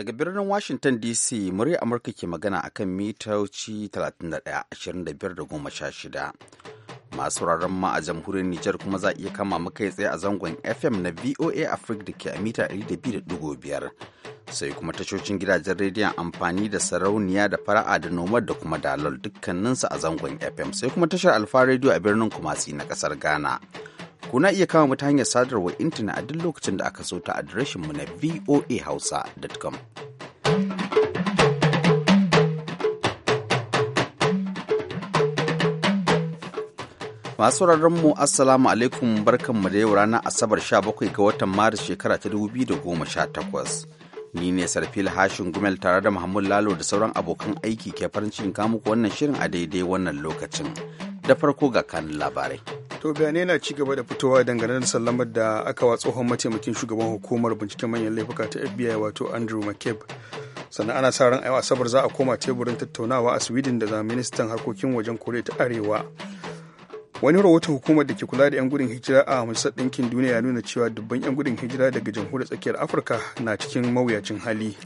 Daga birnin Washington DC, murya Amurka ke magana a kan mitoci 31 25 shida Masu rarren ma a jamhuriyar Nijar kuma za iya kama muka tsaye a zangon FM na VOA Africa da ke a mita 200.5. Sai kuma tashocin gidajen rediyon amfani da sarauniya da fara'a da nomad da kuma dalol dukkaninsu a zangon FM. Sai kuma tashar Alfa rediyo a birnin Kumasi na kasar Ghana. Kuna iya kama mu ta hanyar sadarwar intanet a duk lokacin da aka so ta mu na voahausa.com. Masu mu Assalamu alaikum barkan mu da yau ranar Asabar 17 ga watan Maris shekara ta 2018. Ni ne Sarfil Hashin Gumel tare da Muhammad Lalo da sauran abokan aiki ke farin cikin muku wannan shirin a daidai wannan lokacin. Da farko ga kanun labarai. to bayanai na ci gaba da fitowa dangane da sallamar da aka wa tsohon mataimakin shugaban hukumar binciken manyan laifuka ta fbi wato andrew mccabe sannan ana sa ran asabar za a koma teburin tattaunawa a sweden da ministan harkokin wajen koriya ta arewa wani rahoton hukumar da ke kula da 'yan gudun hijira a majalisar ɗinkin duniya ya nuna cewa dubban 'yan gudun hijira daga jamhuriyar tsakiyar afirka na cikin mawuyacin hali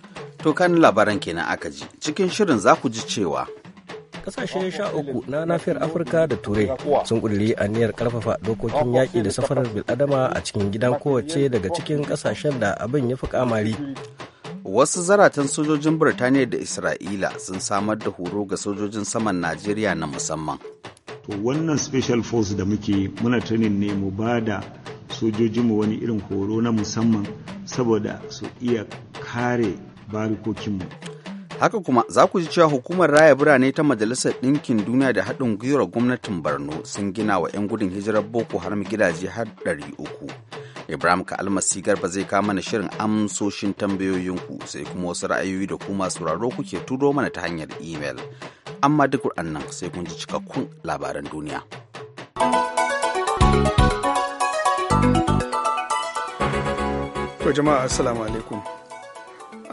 to kan labaran kenan aka ji cikin shirin za ku ji cewa Kasashe 13 na nafiyar Afirka da Turai sun ƙudiri aniyar ƙarfafa dokokin yaƙi da safarar bil'adama a cikin gidan kowace daga cikin ƙasashen da abin ya fi kamari. Wasu zaratan sojojin Birtaniya da Isra'ila sun samar da horo ga sojojin saman Najeriya na musamman. To wannan special force da muke muna tunin ne mu ba da sojojinmu wani irin horo na musamman saboda su iya kare barikokinmu. haka kuma za ku ji cewa hukumar raya birane ta majalisar ɗinkin duniya da haɗin gwiwar gwamnatin borno sun gina wa 'yan gudun hijirar boko haram gidaje har ɗari uku ibrahim ka almasi garba zai kama mana shirin amsoshin tambayoyinku sai kuma wasu ra'ayoyi da kuma sauraro kuke turo mana ta hanyar imel amma duk nan sai kun ji cikakkun labaran duniya to jama'a assalamu alaikum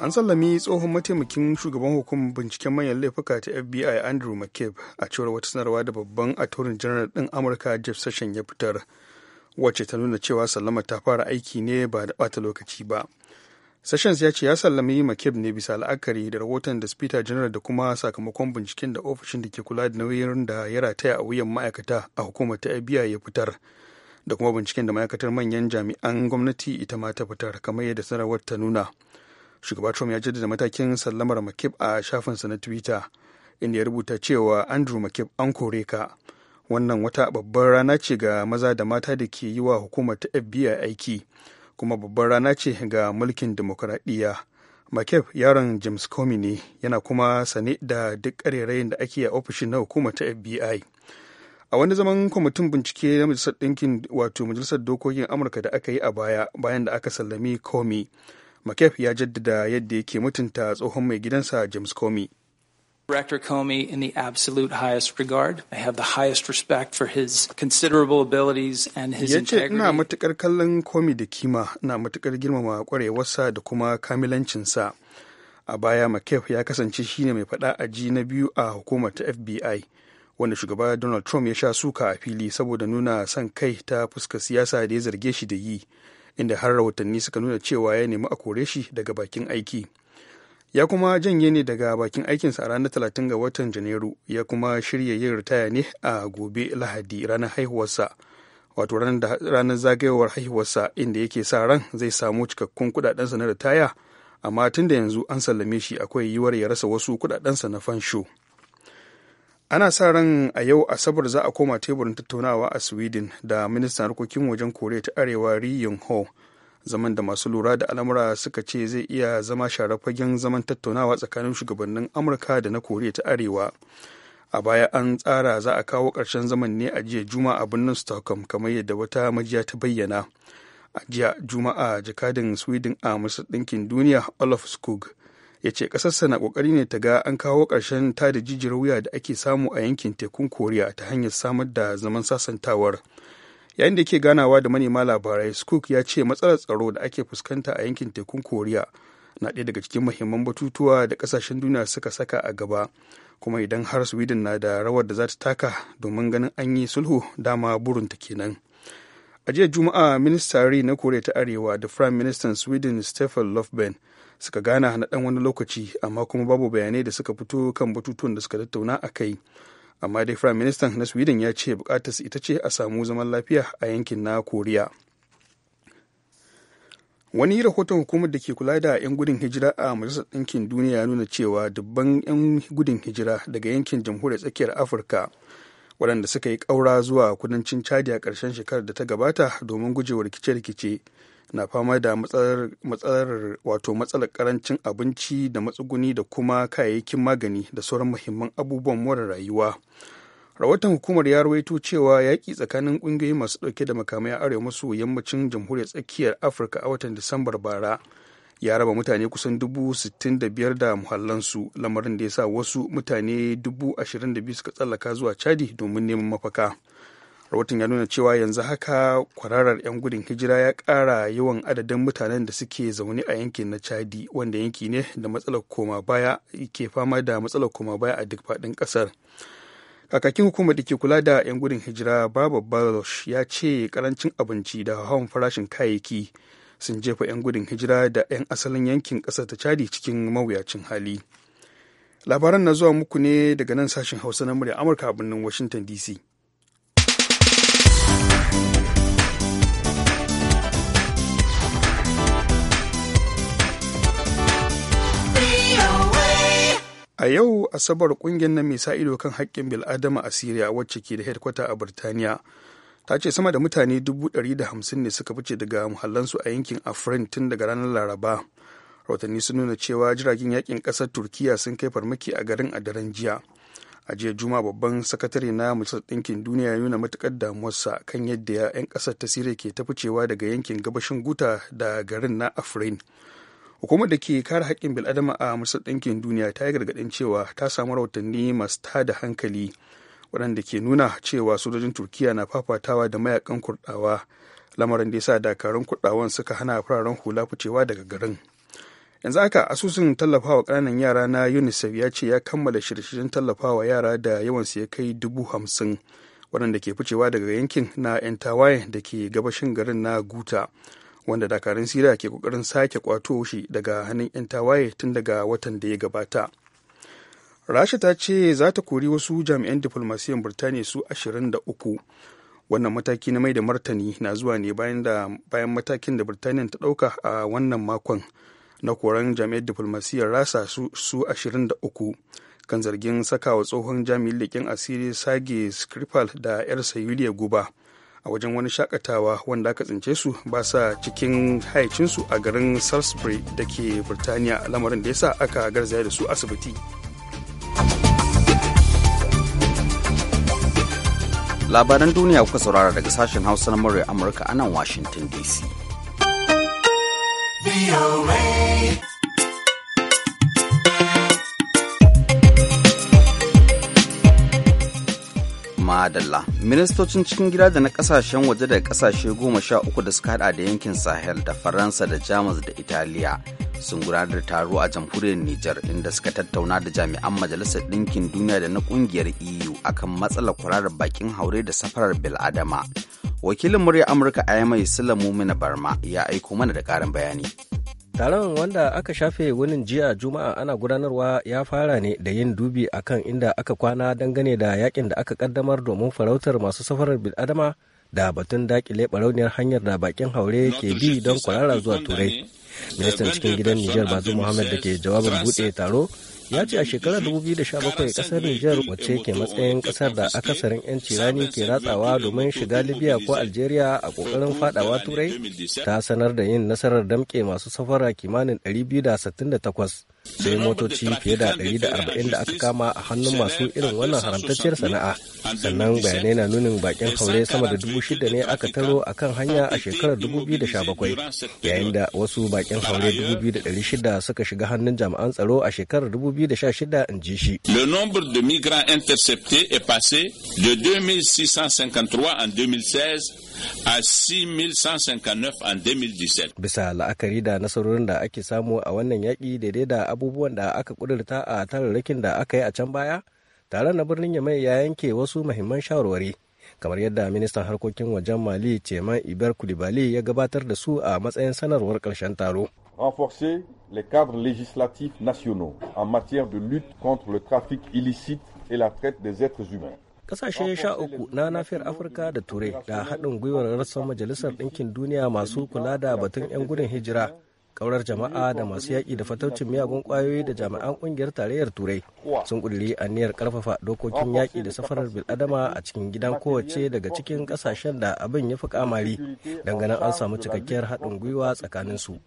an sallami tsohon mataimakin shugaban hukumar binciken manyan laifuka ta fbi andrew mccabe a cewar wata sanarwa da babban attorney general din amurka jeff session ya fitar wacce ta nuna cewa sallama ta fara aiki ne ba da bata lokaci ba sessions ya ce ya sallami mccabe ne bisa la'akari da rahoton da spita general da kuma sakamakon binciken da ofishin da ke kula da nauyin da ya rataya a wuyan ma'aikata a hukumar ta fbi ya fitar da kuma binciken da ma'aikatar manyan jami'an gwamnati ita ma ta fitar kamar yadda sanarwar ta nuna shugaba trump ya jaddada matakin sallamar mccabe a shafinsa na twitter inda ya rubuta cewa andrew mccabe an kore ka wannan wata babbar rana ce ga maza da mata da ke yi wa hukumar ta fbi aiki kuma babbar rana ce ga mulkin demokuraɗiyya mccabe yaron james comey ne yana kuma sane da duk ƙarerayin da ake a ofishin na hukumar ta fbi a wani zaman kwamitin bincike na majalisar ɗinkin wato majalisar dokokin amurka da aka yi a baya bayan da aka sallami comey McCabe ya jaddada yadda yake mutunta tsohon mai gidansa James Comey. Director Comey in the absolute highest regard. I have the highest respect for his considerable abilities and his integrity. ina matukar kallon Comey da kima, ina matukar girmama kwarewarsa da kuma kamilancinsa. A baya McCabe ya kasance shine mai faɗa aji na biyu a hukumar ta FBI. wanda shugaba Donald Trump ya sha suka a fili saboda nuna son kai ta fuska siyasa da ya zarge shi da yi inda har rahotanni suka nuna cewa ya nemi a kore shi daga bakin aiki ya kuma janye ne daga bakin aikinsa a ranar talatin ga watan janairu ya kuma shirya yin ritaya ne a gobe lahadi ranar haihuwarsa wato ranar zagayowar haihuwarsa inda yake sa ran zai samu cikakkun kudadensa na ritaya amma tun da yanzu an sallame shi akwai yiwuwar ya rasa wasu kudadensa na fansho. ana sa ran a yau asabar za a koma teburin tattaunawa a sweden da ministan harkokin wajen koriya ta arewa ri yun ho zaman da masu lura da al'amura suka ce zai iya zama sharafagen zaman tattaunawa tsakanin shugabannin amurka da na koriya ta arewa a baya an tsara za a kawo ƙarshen zaman ne a jiya juma a birnin stockholm kamar yadda wata majiya ta bayyana a jiya juma'a jakadin sweden a masar ɗinkin duniya olaf skog ya ce ƙasarsa na ƙoƙari ne ta ga an kawo ƙarshen tada jijiyar wuya da ake samu a yankin tekun koriya ta hanyar samar da zaman sasantawar yayin da ke ganawa da manema labarai skook ya ce matsalar tsaro da ake fuskanta a yankin tekun koriya na ɗaya daga cikin muhimman batutuwa da ƙasashen duniya suka saka a gaba kuma idan har sweden na da rawar da za ta taka domin ganin an yi sulhu dama burinta kenan a jiya juma'a ministari na koriya ta arewa da prime minister sweden stephen lofben suka gana na dan wani lokaci amma kuma babu bayanai da suka fito kan batutuwan da suka tattauna a kai amma dai prime minister na sweden ya ce bukatar ita ce a samu zaman lafiya a yankin na koriya wani rahoton hukumar da ke kula da 'yan gudun hijira a majalisar ɗinkin duniya ya nuna cewa dubban 'yan gudun hijira daga yankin jamhuriyar tsakiyar afirka waɗanda suka yi ƙaura zuwa kudancin chadi a ƙarshen shekarar da ta gabata domin gujewa rikice-rikice na fama da matsalar wato matsalar karancin abinci da matsuguni da kuma kayayyakin magani da sauran muhimman abubuwan more rayuwa rahoton hukumar ya rawaito cewa yaƙi tsakanin ƙungiyoyi masu ɗauke da makamai a arewa maso yammacin jamhuriyar tsakiyar afirka a watan disambar bara ya raba mutane kusan dubu sittin da biyar da muhallansu lamarin da ya sa wasu mutane dubu ashirin da biyu suka tsallaka zuwa chadi domin neman mafaka rahoton ya nuna cewa yanzu haka kwararar 'yan gudun hijira ya ƙara yawan adadin mutanen da suke zaune a yankin na chadi wanda yanki ne da matsalar koma baya ke fama da matsalar koma baya a duk faɗin ƙasar kakakin hukumar da ke kula da 'yan gudun hijira babu balosh ya ce karancin abinci da hawan farashin kayayyaki sun jefa 'yan gudun hijira da 'yan asalin yankin ƙasar ta chadi cikin mawuyacin hali labaran na zuwa muku ne daga nan sashen hausa na murya amurka a birnin washington dc a yau asabar kungiyar nan mai sa ido kan haƙƙin bil'adama a siriya wacce ke da hedkwata a birtaniya ta ce sama da mutane 150 ne suka fice daga muhallansu a yankin afrin tun daga ranar laraba rahotanni sun nuna cewa jiragen yakin ƙasar turkiya sun kai farmaki a garin a daren jiya a jiya juma babban sakatare na majalisar ɗinkin duniya ya nuna matuƙar damuwarsa kan yadda 'yan ƙasar ta siriya ke ta ficewa daga yankin gabashin guta da garin na afrin hukumar da ke kare haƙƙin bil'adama a musar ɗinkin duniya ta yi gargaɗin cewa ta samu rahotanni masu tada hankali waɗanda ke nuna cewa sojojin turkiya na fafatawa da mayakan kurɗawa lamarin da ya sa dakarun kurɗawan suka hana fararen hula ficewa daga garin yanzu haka asusun tallafawa ƙananan yara na unicef ya ce ya kammala shirye-shiryen tallafawa yara da yawansu ya kai dubu hamsin waɗanda ke ficewa daga yankin na 'yan da ke gabashin garin na guta wanda dakarun siriya ke kokarin sake kwato shi daga hannun 'yan tawaye tun daga watan da ya gabata rasha ta ce za ta kori wasu jami'an diflomasiyan birtaniya su 23 wannan mataki na mai da martani na zuwa ne bayan da bayan matakin da birtaniya ta ɗauka a wannan makon na koran jami'an diflomasiyyar rasa su, 23 kan zargin sakawa tsohon jami'in leƙen asiri sage skripal da 'yarsa yuliya guba a wajen wani shakatawa wanda aka tsince su ba sa cikin haicinsu a garin salisbury da ke birtaniya lamarin da ya sa aka garzaya da su asibiti labaran duniya kuka saurara daga sashen hausa na murya amurka a nan washington dc madalla ministocin cikin gida da na kasashen waje da kasashe goma sha uku da suka hada da yankin sahel da faransa da jamus da italiya sun gudanar da taro a jamhuriyar nijar inda suka tattauna da jami'an majalisar ɗinkin duniya da na ƙungiyar eu akan matsalar da bakin haure da safarar bil'adama wakilin murya amurka a yamai sulamu barma ya aiko mana da ƙarin bayani Taron wanda aka shafe wunin jiya Juma'a ana gudanarwa ya fara ne da yin dubi akan inda aka kwana dangane da yakin da aka kaddamar domin farautar masu safarar bil'adama da batun dakile barauniyar hanyar da bakin haure ke bi don kwarara zuwa turai. Ministan cikin gidan Nijar Bazu Muhammad da ke jawabin buɗe taro ya ce a shekarar 2017 kasar Nijar wacce ke matsayin kasar da akasarin 'yan cirani ke ratsawa domin shiga Libya ko Algeria a kokarin fadawa Turai ta sanar da yin nasarar damke masu safara kimanin 268 sai motoci fiye da 140 da aka kama a hannun masu irin wannan haramtacciyar sana'a sannan bayanai na nunin bakin haure sama da dubu ne aka taro a kan hanya a shekarar 2017 yayin da wasu bakin haure 2,600 suka shiga hannun jami'an tsaro a shekarar 2016 in ji shi. Le nombre de migrants interceptés est passé de 2653 en 2016 a 6159 a 2017. Bisa la'akari da nasarorin da ake samu a wannan yaƙi daidai da abubuwan da aka ƙudurta a tararrakin da aka yi a can baya, tare na birnin Yamai ya yanke wasu mahimman shawarwari. kamar yadda ministan harkokin wajen mali ceman iber kulibali ya gabatar da su a matsayin sanarwar ƙarshen taro renforcer les cadres législatifs nationaux en matière de lutte contre le trafic illicite et la traite des êtres humains kasashe sha uku na nafiyar Afirka da Turai da haɗin gwiwar rassan Majalisar Ɗinkin Duniya masu kula da batun 'yan gudun hijira, ƙaurar jama'a da masu yaƙi da fataucin miyagun ƙwayoyi da jami'an ƙungiyar tarayyar Turai sun ƙudiri aniyar ƙarfafa dokokin yaƙi da safarar bil'adama a cikin gidan kowace daga cikin ƙasashen da abin ya fi kamari dangane an samu cikakkiyar haɗin gwiwa tsakanin su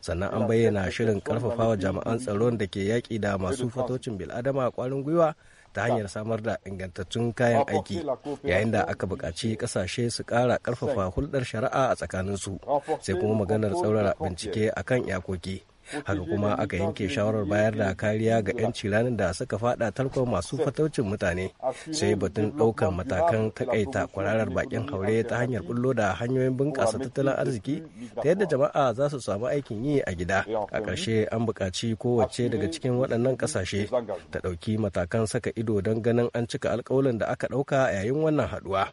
sannan an bayyana shirin ƙarfafa wa jami'an tsaron da ke yaƙi da masu fatocin biladama kwarin gwiwa ta hanyar samar da ingantattun kayan aiki yayin da aka buƙaci ƙasashe su ƙara ƙarfafa hulɗar shari'a a tsakaninsu sai kuma maganar tsaurara bincike akan iyakoki haka kuma aka yanke shawarar bayar da kariya ga 'yanci ranar da suka fada tarkon masu fataucin mutane sai batun ɗaukar matakan takaita kwararar bakin haure ta hanyar bullo da hanyoyin bunƙasa tattalin arziki ta yadda jama'a za su samu aikin yi a gida a ƙarshe an buƙaci kowace daga cikin waɗannan ƙasashe ta ɗauki matakan saka ido don ganin an cika alƙawalin da aka ɗauka yayin wannan haɗuwa.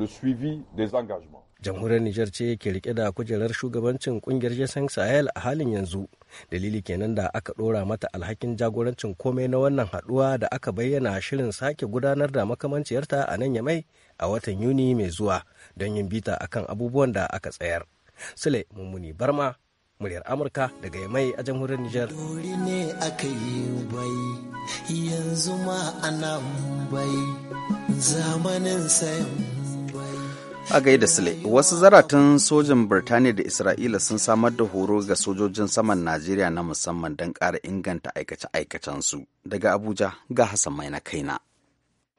le jamhuriyar nijar ce ke rike da kujerar shugabancin kungiyar jason sahel a halin yanzu dalili kenan da aka ɗora mata alhakin jagorancin komai na wannan haduwa da aka bayyana shirin sake gudanar da makamanciyarta a nan ya mai a watan yuni mai zuwa don yin bita akan abubuwan da aka tsayar sule mummuni barma muryar amurka daga yamai a jamhuriyar nijar dori yi bai bai zamanin sayan a gaida sule wasu zaratun sojin birtaniya da isra'ila sun samar da horo ga sojojin saman najeriya na musamman don ƙara inganta aikace-aikacensu daga abuja ga hassan mai na kaina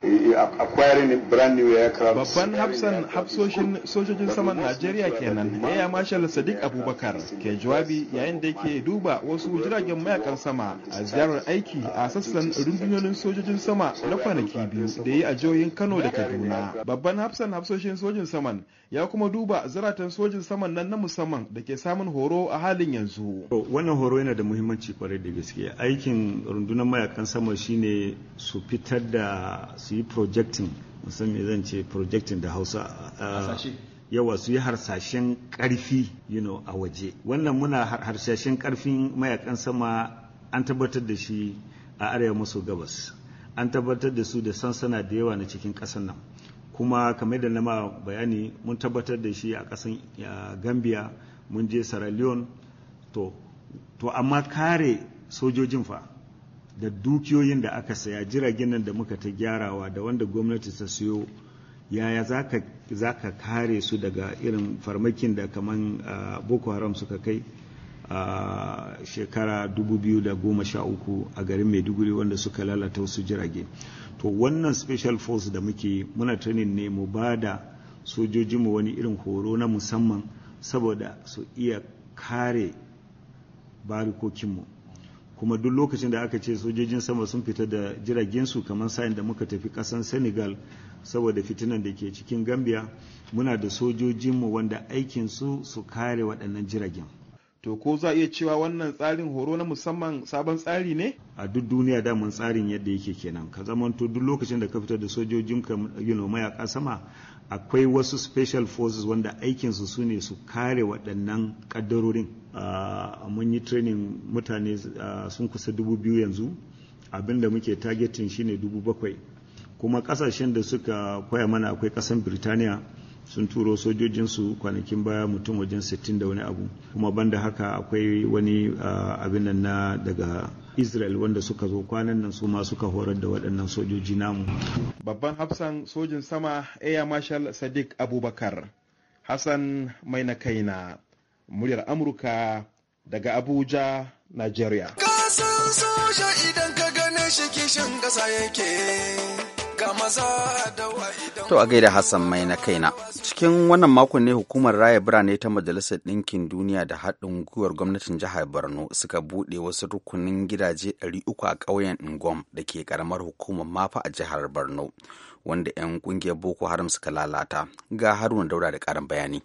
Babban hafsan hafsoshin sojojin saman Najeriya kenan Air Marshal Sadiq Abubakar ke jawabi yayin da yake duba wasu jiragen mayakan sama a ziyarar aiki a sassan rundunonin sojojin sama na kwanaki biyu da yi a jihohin Kano da Kaduna. Babban hafsan hafsoshin sojin saman ya kuma duba zaratan sojin saman nan na musamman da ke samun horo a halin yanzu. Wannan horo yana da muhimmanci kwarai da gaske. Aikin rundunar mayakan sama shine su fitar da su yi projecting musamman me zan ce projecting da hausa yawa su yi harsashen karfi you know, a waje wannan muna harsashen karfin mayakan sama an tabbatar da shi a arewa maso gabas an tabbatar da su da sansana da yawa na cikin ƙasar nan kuma kamar da na ma bayani mun tabbatar da shi a ƙasar gambia mun je sierra leone to amma kare sojojin fa da dukiyoyin da aka saya jiragen nan da muka ta gyarawa da wanda gwamnati ta siyo yaya za ka kare su daga irin farmakin da kaman boko haram suka kai a shekara 2013 a garin maiduguri wanda suka lalata wasu jirage to wannan special force da muke muna tunin ne mu ba da sojojinmu wani irin horo na musamman saboda su iya kare barikokinmu kuma duk lokacin da aka ce sojojin sama sun fita da jiragensu kamar sa'in da muka tafi kasan senegal saboda fitinan da ke cikin gambia muna da sojojinmu wanda aikinsu su kare waɗannan jiragen to ko za a iya cewa wannan tsarin horo na musamman sabon tsari ne a duk duniya daman tsarin yadda yake kenan ka zamanto duk lokacin da ka fita da sojojin ka you mayaka sama akwai wasu special forces wanda aikinsu su ne su kare waɗannan ƙaddarorin mun yi training mutane sun kusa dubu biyu yanzu abinda muke targeting shine dubu bakwai kuma ƙasashen da suka koya mana akwai ƙasan birtaniya sun turo sojojinsu kwanakin baya mutum wajen 60 da wani abu kuma banda haka akwai wani abin nan na daga israel wanda suka zo kwanan nan su ma suka horar da waɗannan sojoji namu babban hafsan sojin sama air marshal sadiq abubakar hassan mai na kai na muryar amurka daga abuja nigeria kasan soja idan ka gane shi kishin ƙasa yake To a gaida Hassan mai na kaina. Cikin wannan makon ne hukumar raya birane ta Majalisar Ɗinkin Duniya da haɗin gwiwar gwamnatin jihar Borno suka buɗe wasu rukunin gidaje 300 a ƙauyen Ngom da ke ƙaramar hukumar Mafa a jihar Borno, wanda 'yan ƙungiyar Boko Haram suka lalata. Ga Haruna Daura da ƙarin bayani.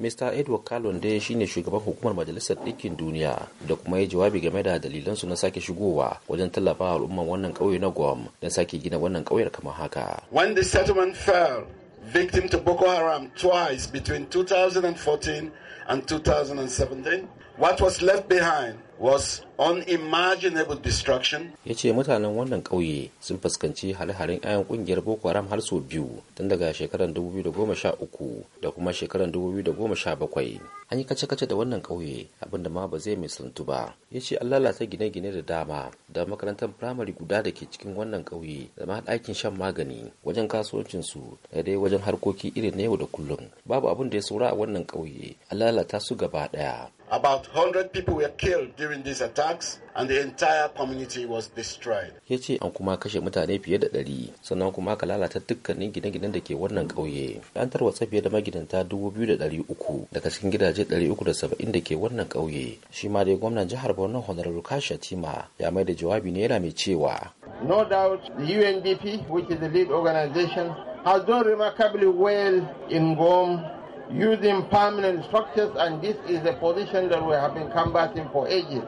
Mr. Edward Kalon dai shine shugaban hukumar Majalisar Ɗinkin Duniya da kuma ya jawabi game da dalilansu na sake shigowa wajen tallafa al'umman wannan ƙauye na Guam don sake gina wannan ƙauyar kamar haka. When the settlement fell, victim to Boko Haram twice between 2014 and 2017, What was left behind was unimaginable destruction. Ya ce mutanen wannan ƙauye sun fuskanci hare-haren 'ya'yan ƙungiyar Boko Haram har sau biyu tun daga shekarar 2013 da kuma shekarar 2017. An yi kace-kace da wannan ƙauye abinda ma ba zai misaltu ba. Ya ce an lalata gine-gine da dama da makarantar firamare guda da ke cikin wannan ƙauye da ma ɗakin shan magani wajen kasuwancinsu da dai wajen harkoki irin na yau da kullum. Babu abin da ya saura a wannan ƙauye an lalata su gaba ɗaya. About 100 people were killed during these attacks and the entire community was destroyed. Ya ce an kuma kashe mutane fiye da ɗari sannan kuma aka lalata dukkanin gine-ginen da ke wannan ƙauye. An tarwatsa fiye da magidanta uku daga cikin gidaje uku da saba'in da ke wannan ƙauye. Shi ma dai gwamnan jihar Borno Honorable Kashi Tima ya mai da jawabi ne yana mai cewa. No doubt the UNDP which is the lead organization has done remarkably well in Gom using permanent structures, and this is a position that we have been combating for ages.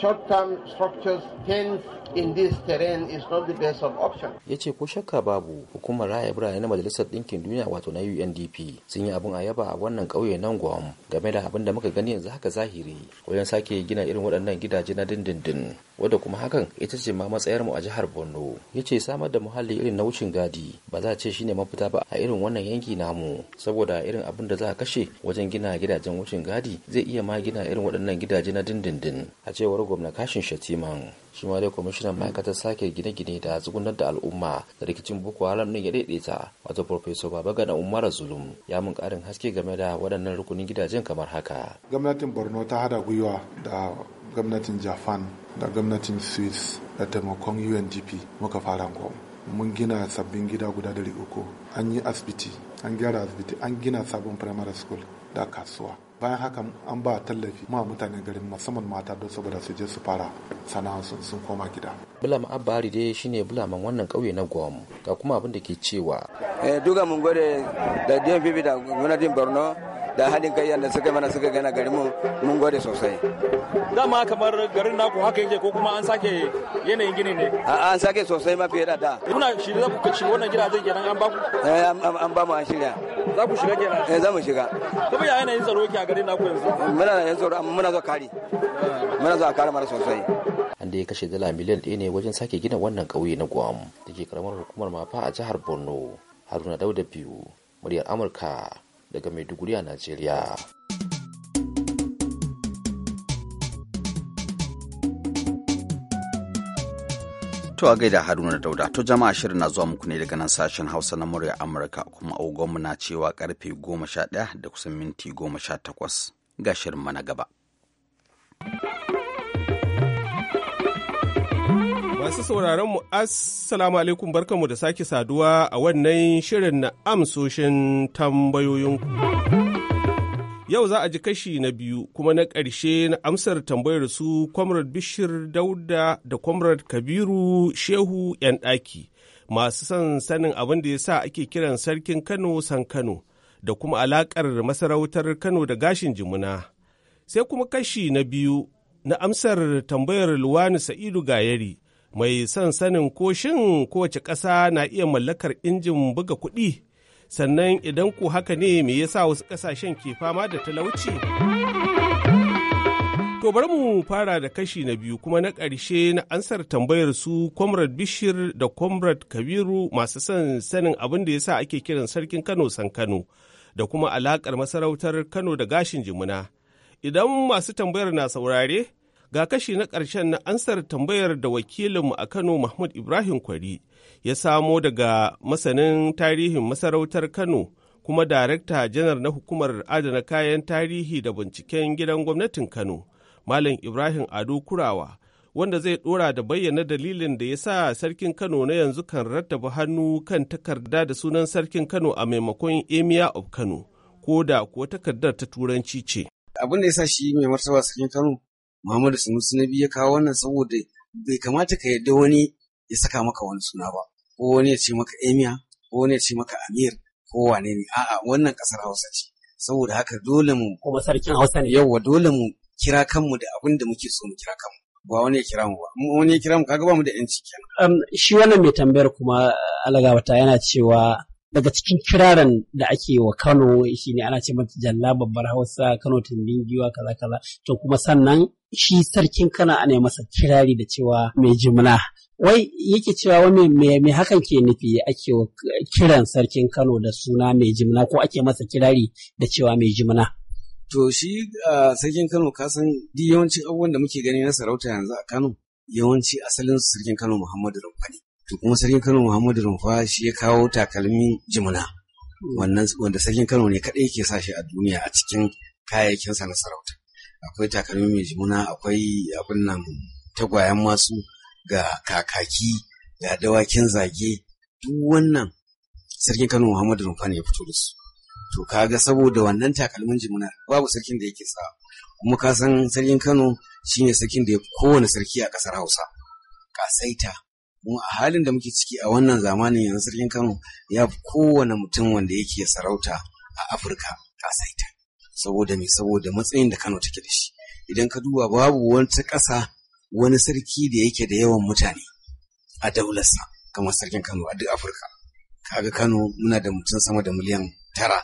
Short-term structures tends in this terrain is not the best of option. Ya ce ko shakka babu hukumar raya birane na Majalisar Ɗinkin Duniya wato na UNDP sun yi abin a yaba a wannan ƙauye nan gwam game da abin da muka gani yanzu haka zahiri wajen sake gina irin waɗannan gidaje na dindindin wadda kuma hakan ita ce ma matsayar mu a jihar Borno. Ya ce samar da muhalli irin na wucin gadi ba za a ce shine mafita ba a irin wannan yanki namu saboda irin abin da za a kashe wajen gina gidajen wucin gadi zai iya ma gina irin waɗannan gidaje na dindindin a cewar gwamna kashin Shatiman. su ma dai kwamishinan ma'aikatar sake gine-gine da tsugunar da al'umma da rikicin boko haram din ya daidaita wato ga babagana umar zulum ya mun karin haske game da waɗannan rukunin gidajen kamar haka gwamnatin borno ta hada gwiwa da gwamnatin japan da gwamnatin swiss da taimakon undp muka fara mun gina sabbin gida guda dari uku an yi asibiti an gyara asibiti an gina sabon primary school da kasuwa bayan haka an ba tallafi ma mutanen garin musamman mata don saboda su je su fara sana'a sun koma gida bulaman abari dai shine bulaman wannan kauye na gom ga kuma abin da ke cewa eh duka mun gode da DMPP da gwamnatin Borno da halin kai yadda suka mana suka gana garin mu mun gode sosai dama kamar garin naku haka yake ko kuma an sake yanayin gini ne an sake sosai mafi yadda da kuna shirye za ku wannan gidajen kenan an ba ku eh, an ba mu an shirya za ku shiga kenan eh za mu shiga kuma ya yanayin tsaro ke a garin naku yanzu muna tsaro muna kare muna mara sosai an da ya kashe dala miliyan ɗaya ne wajen sake gina wannan ƙauye na Guam da ke karamar hukumar Mafa a jihar Borno Haruna Dauda biyu muryar Amurka daga Maiduguri a Najeriya To a gaida Haruna Dauda, to jama'a shirin na zuwa muku ne daga nan sashen Hausa na murya Amurka kuma mu na cewa karfe 11 da kusan minti 18 ga shirin mana gaba. Masu sauraron mu Assalamu alaikum barkanmu da sake saduwa a wannan shirin na amsoshin tambayoyinku. Yau za a ji kashi na biyu kuma na ƙarshe na amsar tambayar su Comrade Bishir Dauda da Comrade Kabiru Shehu 'yan ɗaki masu son sanin abin da ya sa ake kiran sarkin Kano san Kano da kuma alaƙar masarautar Kano da gashin jimuna. Sai kuma kashi na biyu na amsar tambayar Luwani Sa'idu Gayari mai son sanin ko shin kowace ƙasa na iya mallakar injin buga kuɗi sannan idan ku haka ne me yasa wasu ƙasashen ke fama da talauci to bari mu fara da kashi na biyu kuma na ƙarshe na ansar tambayar su comrade bishir da kwamrad kabiru masu son sanin abin da yasa ake kiran sarkin kano san kano da kuma alakar masarautar kano da gashin jimuna idan masu tambayar na saurare ga kashi na ƙarshen na ansar tambayar da wakilinmu a kano mahmud ibrahim kwari ya samo daga masanin tarihin masarautar Kano kuma darakta janar na hukumar adana kayan tarihi da binciken gidan gwamnatin Kano, Malam Ibrahim Ado Kurawa, wanda zai ɗora da bayyana dalilin da ya sa sarkin Kano na yanzu kan rattaba hannu kan takarda da sunan sarkin Kano a maimakon emia of Kano, ko da kuwa takardar ta turanci ce. Abin da ya sa shi mai martaba sarkin Kano, Muhammadu Sanusi na biyu ya kawo wannan saboda bai kamata ka yarda wani ya saka maka wani suna ba. ko wani ya ce maka emir ko wani ya ce maka amir ko wane ne a'a wannan kasar hausa ce saboda haka dole mu kuma sarkin hausa ne yauwa dole mu kira kanmu da abin da muke so mu kira kanmu ba wani ya kira mu ba wani ya kira mu kaga ba mu da yanci kenan shi wannan mai tambayar kuma alagawata yana cewa daga cikin kirarin da ake wa Kano shi ne ana ce mata jalla babbar Hausa Kano tambin giwa kaza kaza to kuma sannan shi sarkin Kano ana masa kirari da cewa mai jimla wai yake cewa wani me hakan ke nufi ake wa kiran sarkin Kano da suna mai jimla ko ake masa kirari da cewa mai jimla to shi sarkin Kano ka san yawancin abubuwan da muke gani na sarauta yanzu a Kano yawanci asalin sarkin Kano Muhammadu Rumfani to kuma sarkin Kano Muhammadu Rumfa shi ya kawo takalmin jimina wanda sarkin Kano ne kaɗai yake sa shi a duniya a cikin kayayyakinsa na sarauta akwai takalmi mai jimina akwai abin nan tagwayen masu ga kakaki ga dawakin zage duk wannan sarkin Kano Muhammadu Rumfa ne ya fito da su to kaga saboda wannan takalmin jimina babu sarkin da yake sa kuma ka san sarkin Kano shine sarkin da ya kowane sarki a ƙasar Hausa kasaita Mun a halin da muke ciki a wannan zamanin yanzu sarkin Kano ya fi kowane mutum wanda yake sarauta a Afirka kasaita saboda me saboda matsayin da Kano take da shi idan ka duba babu wata ƙasa wani sarki da yake da yawan mutane a daularsa kamar sarkin Kano a duk Afirka kaga Kano muna da mutum sama da miliyan tara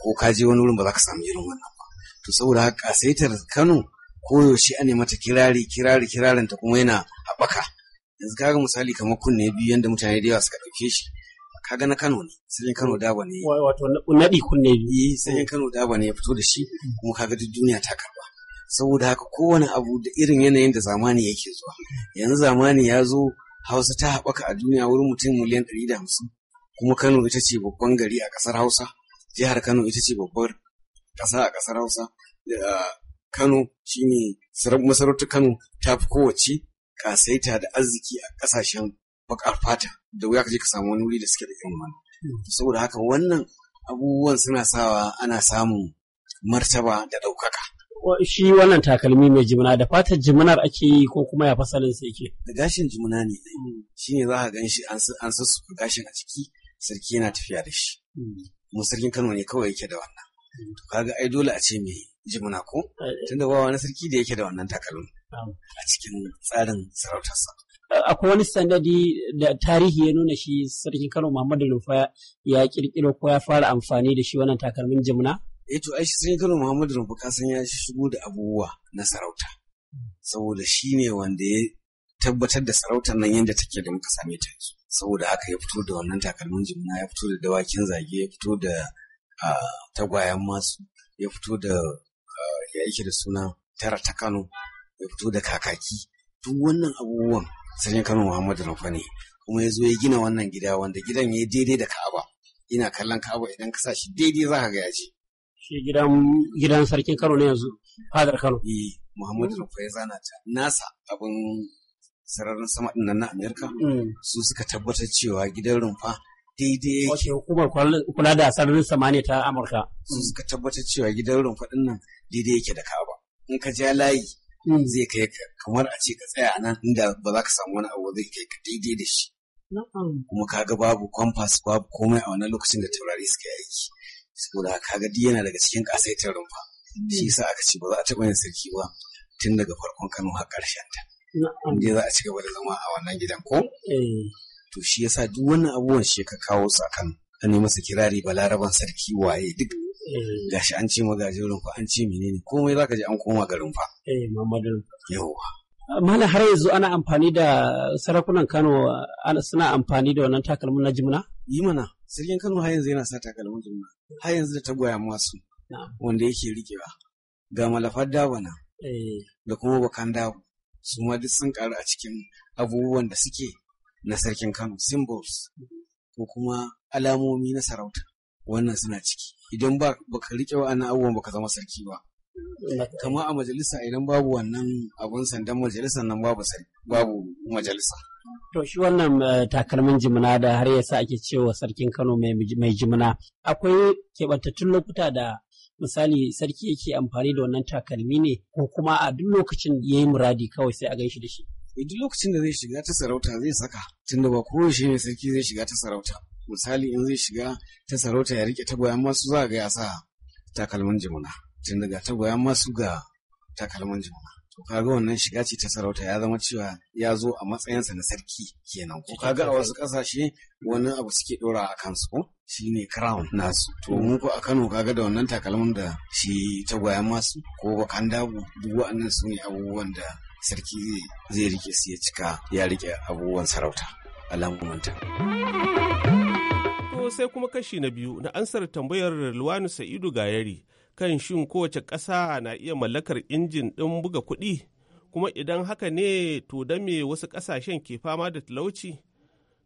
ko ka je wani wurin ba za ka samu irin wannan ba to saboda haka kasaitar Kano koyaushe ane mata kirari kirari ta kuma yana haɓaka yanzu kaga misali kamar kunne biyu yanda mutane da yawa suka ɗauke shi kaga na Kano ne sanyin Kano daba ne wato naɗi kunne biyu eh, sanyin Kano daba ne ya fito da shi kuma kaga duk duniya ta karba saboda haka kowane abu da irin yanayin da zamani yake zuwa yanzu zamani ya zo Hausa ta haɓaka a duniya wurin mutum miliyan ɗari da hamsin kuma Kano ita ce babban gari a ƙasar Hausa jihar Kano ita ce babbar ƙasa a ƙasar Hausa Kano shine masarautar Kano ta fi kowace kasaita da arziki a kasashen bakar fata da wuya ka je ka samu wani wuri da suke da irin hmm. saboda haka wannan abubuwan suna sawa ana samun martaba da ɗaukaka shi wannan takalmi mai jimina da fatar jiminar ake yi ko kuma ya fasalin sai ke da gashin jimina ne hmm. shi ne za ka gan shi an su gashin a ciki sarki yana tafiya da shi mu hmm. sarkin kano ne kawai yake da wannan to kaga ai dole a ce mai muna ko eh. tunda ba wani sarki da yake da wannan takalmi a cikin tsarin sarautarsa. Akwai wani sanadi da tarihi ya nuna shi sarkin Kano Muhammadu Rufa ya kirkiro ko ya fara amfani da shi wannan takalmin jimna? Eh to ai shi sarkin Kano Muhammadu Rumfa kasan ya shigo da abubuwa na sarauta. Saboda shi ne wanda ya tabbatar da sarautar nan yadda take da muka same ta yanzu. Saboda haka ya fito da wannan takalmin jimna ya fito da dawakin zage ya fito da ah, tagwayen masu ya fito da ya yake da suna tara ta Kano ya fito da kakaki duk wannan abubuwan sanin Kano Muhammadu Rafa ne kuma ya zo ya gina wannan gida wanda gidan ya daidai da Ka'aba ina kallon Ka'aba idan ka sa shi daidai za ka ga ya ce shi gidan gidan sarkin Kano ne yanzu fadar Kano eh Muhammadu Rafa ya zana ta nasa abin sararin sama din nan na Amerika mm. su suka tabbatar cewa gidan rumfa daidai yake. hukumar kula da sararin samani ta Amurka. Su suka tabbatar cewa gidan rumfa nan daidai yake da kaba In ka ja layi hmm. zai kai ka kamar a ce ka tsaya a nan inda ba za ka samu wani abu zai kai ka daidai da shi. Kuma ka ga babu kwamfas babu komai a wannan lokacin da taurari suka yi aiki. Saboda ka ga yana daga cikin ƙasaitar rumfa. Hmm. Shi yasa aka ce ba za a taɓa yin sarki ba tun daga farkon Kano har ƙarshen ta. Inda za a ci gaba da zama a wannan gidan ko? Eh. to shi yasa duk wannan abubuwan shi ka kawo tsakan an yi masa kirari balaraban sarki waye duk eh. gashi an ce ma magajin rumfa an ce menene komai zaka ji an koma garin fa? eh mamadin yawa mala har yanzu ana amfani da sarakunan Kano suna amfani da wannan takalmin na jimna yi mana sarkin Kano har yanzu yana sa takalmin jimna har yanzu da tagwaya masu wanda yake rikewa ga malafar dabana eh. da kuma bakan dabu su ma duk sun karu a cikin abubuwan da suke na sarkin Kano symbols ko kuma alamomi na sarauta wannan suna ciki idan ba baka rike wa'annan abubuwan baka zama sarki ba kama a majalisa idan babu wannan abun sandan majalisa nan babu babu majalisa to shi wannan eh, takalmin jimina da har yasa ake cewa sarkin Kano mai jimina akwai keɓantattun lokuta da misali sarki yake amfani da wannan takalmi ne ko kuma a duk lokacin yayi muradi kawai sai a gan da shi Eh, duk lokacin da zai shiga ta sarauta zai saka tunda ba ko shi ne sarki zai shiga ta sarauta misali in zai shiga ta sarauta ya rike tagoyan masu za ga ya sa takalmin jimuna tun daga tagoyan masu ga takalmin jimuna to kaga wannan shiga ce ta sarauta ya zama cewa ya zo a matsayinsa na sarki kenan ko kaga a wasu kasashe wani abu suke dora a kansu ko shine crown nasu to mun ko a Kano kaga da wannan takalmin da shi tagwayen masu ko bakan dabu duk waɗannan su ne abubuwan da sarki zai rike su ya cika ya rike abubuwan sarauta alamunta. sai kuma kashi na biyu na ansar tambayar Luwanu Sa'idu Gayari kan shin kowace ƙasa na iya mallakar injin ɗin buga kuɗi kuma idan haka ne to da me wasu ƙasashen ke fama da talauci?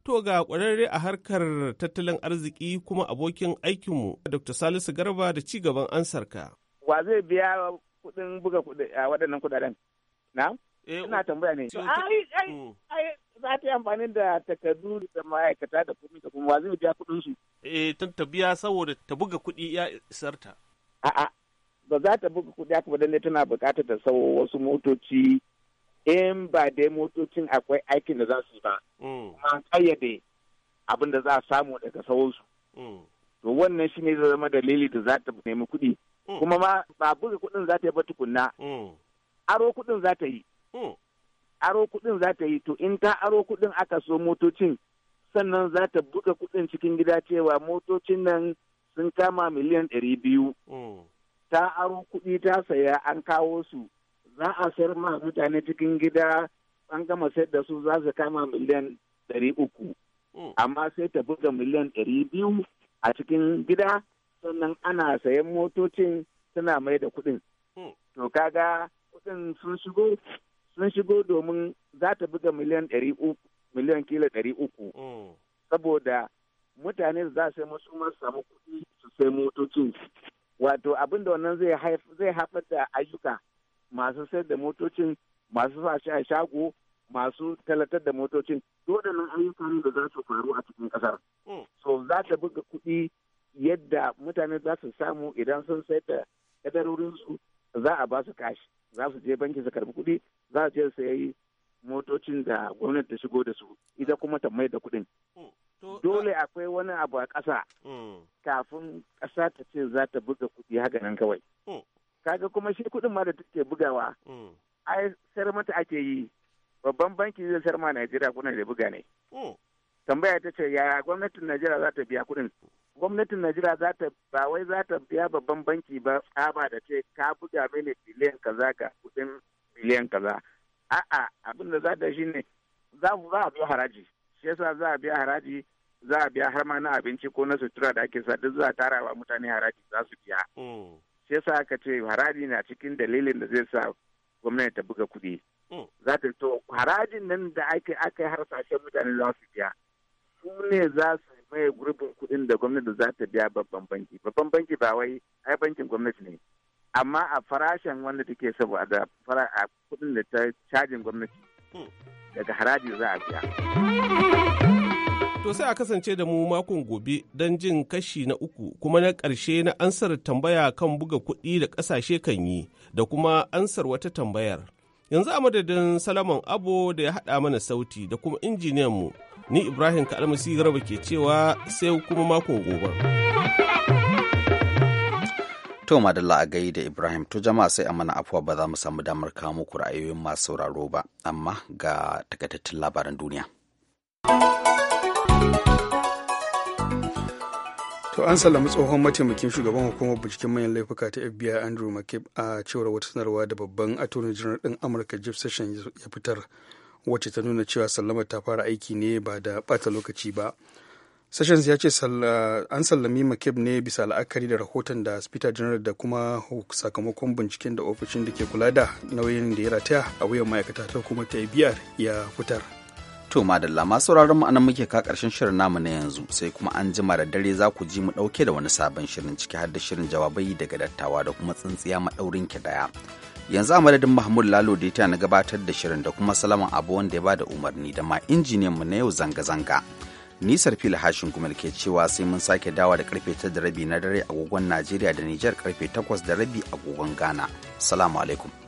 To ga ƙwararre a harkar tattalin arziki kuma abokin aikinmu Dr. Salisu Garba da cigaban gaban ansarka. Wa zai biya kuɗin buga kuɗi a waɗannan kuɗaɗen? Na'am. Eh, Ina tambaya ne. Mm. Ai, za ta yi amfani da takardu da ma'aikata da kuɗi da kuma zai biya kuɗin su. Eh, tun ta biya saboda ta buga kuɗi ya isarta. A'a, ba za ta buga kuɗi haka ba dan tana buƙatar ta sau wasu motoci in ba dai motocin akwai aikin da za su yi ba. Mm. Kuma an kayyade abin da za a samu daga su mm. To wannan shi ne zai zama dalili da za ta nemi kuɗi. Kuma ma ba buga kuɗin za ta yi ba tukunna. Aro kuɗin za ta yi. Oh. aro kuɗin za ta yi to in ta aro kuɗin aka so motocin sannan za ta buga kuɗin cikin gida cewa motocin nan sun kama miliyan ɗari biyu. Oh. Ta aro kuɗi ta saya an kawo su za a sayar ma mutane cikin gida an gama sayar da su za su kama miliyan ɗari uku. Oh. Amma sai ta buga miliyan ɗari biyu a cikin gida sannan ana sayan motocin suna mai da kuɗin. To kaga kudin sun shigo sun shigo domin za ta buga miliyan miliyan kila ɗari uku mm. saboda mutane za su masu masu samu kuɗi su sai motocin wato abin da wannan zai haifar da ayyuka masu sayar da motocin masu sa a shago masu talatar da motocin waɗannan ayyuka ne da za su faru a cikin ƙasar mm. so za ta buga kuɗi yadda mutane za su samu idan sun sayar da kadarorinsu za a ba su kashi za su je banki su karbi kuɗi za su je su sayi motocin da gwamnati ta shigo da su ita kuma ta mai da kuɗin oh, uh, dole akwai wani abu a ƙasa mm. kafin ƙasa ta ce za ta buga kuɗi haka nan kawai oh. kaga kuma shi kuɗin ma da take bugawa mm. ai sar mata ake yi babban banki zai sar ma Najeriya kuna da buga ne oh. tambaya ta ce yaya gwamnatin Najeriya za ta biya kuɗin gwamnatin najeriya za ta ba wai za ta biya babban banki ba tsaba da ce ka buga mini biliyan kaza ga kudin biliyan kaza a'a abin da za ta shi ne za a biya haraji shi yasa za a biya haraji za a biya har ma na abinci ko na sutura da ake sa duk za a tara wa mutane haraji za su biya mm. shi yasa aka ce haraji na cikin dalilin da zai sa gwamnati ta buga kuɗi mm. za ta to harajin nan da ake aka yi harsashen mutane za su biya su ne za su maye gurbin kuɗin da gwamnati za ta biya babban banki babban banki ba wai ai bankin gwamnati ne amma a farashin wanda take saboda a kuɗin da ta cajin gwamnati hmm. daga haraji za a biya to sai a kasance da mu makon gobe don jin kashi na uku kuma na ƙarshe na ansar tambaya kan buga kuɗi da kasashe kan yi da kuma ansar wata tambayar yanzu a madadin salaman abo da ya haɗa mana sauti da kuma injiniyanmu mu ni ibrahim kalmasi garba ke cewa sai kuma mako gobe to madalla a gai da ibrahim to jama'a sai mana afuwa ba za mu samu damar kawo muku ra'ayoyin masu sauraro ba amma ga takaitattun labaran duniya To an sallami tsohon mataimakin shugaban hukumar binciken manyan laifuka ta FBI Andrew McCabe a cewar wata sanarwa da babban attorney general din Amurka Jeff Sessions ya fitar. wacce ta nuna cewa sallamar ta fara aiki ne ba da bata lokaci ba sessions ya ce uh, an sallami makeb ne bisa la'akari da rahoton da spita general da kuma sakamakon binciken da ofishin da ke kula da nauyin da ya rataya a wuyan ma'aikata ta kuma ta biyar ya fitar To madalla masu sauraron mu anan muke ka karshen shirin namu na yanzu sai kuma an jima da dare za ku ji mu ɗauke da wani sabon shirin ciki har da shirin jawabai daga dattawa da kuma tsintsiya maɗaurin ki daya. Yanzu a madadin Mahmud Lalo da ta na gabatar da shirin da kuma Salaman Abu wanda ya bada umarni da ma injiniyan mu na yau zanga-zanga. Nisar fili hashin kuma ke cewa sai mun sake dawa da karfe ta da rabi na dare agogon Najeriya da Nijar karfe takwas da rabi agogon Ghana. Salamu alaikum.